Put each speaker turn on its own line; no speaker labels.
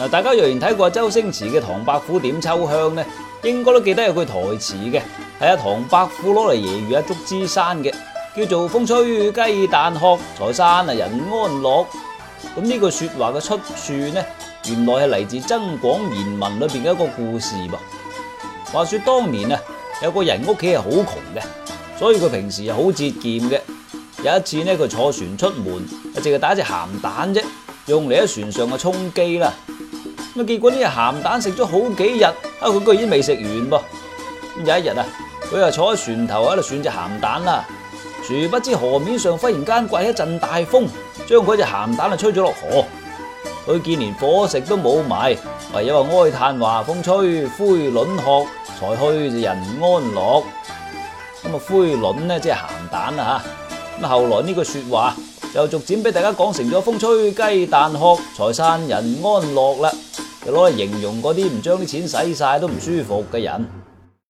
嗱，大家若然睇過周星馳嘅《唐伯虎點秋香》咧，應該都記得有句台詞嘅，係阿唐伯虎攞嚟揶揄阿祝枝山嘅，叫做風吹雞蛋殼，財散啊人安樂。咁呢句說話嘅出處呢，原來係嚟自增廣賢文裏邊嘅一個故事噃。話說當年啊，有個人屋企係好窮嘅，所以佢平時係好節儉嘅。有一次呢，佢坐船出門，淨係打一隻咸蛋啫，用嚟喺船上嘅充飢啦。咁結果呢、啊、隻咸蛋食咗好幾日，啊佢居然未食完噃，有一日啊，佢又坐喺船頭喺度算隻咸蛋啦，殊不知河面上忽然間刮起一陣大風，將佢隻咸蛋啊吹咗落河。佢見連伙食都冇埋，唯有哀嘆話：風吹灰卵殼，財去人安樂。咁啊灰卵呢即係咸蛋啦吓。咁、啊、後來呢句說話又逐漸俾大家講成咗風吹雞蛋殼，財散人安樂啦。就攞嚟形容嗰啲唔將啲錢使晒都唔舒服嘅人。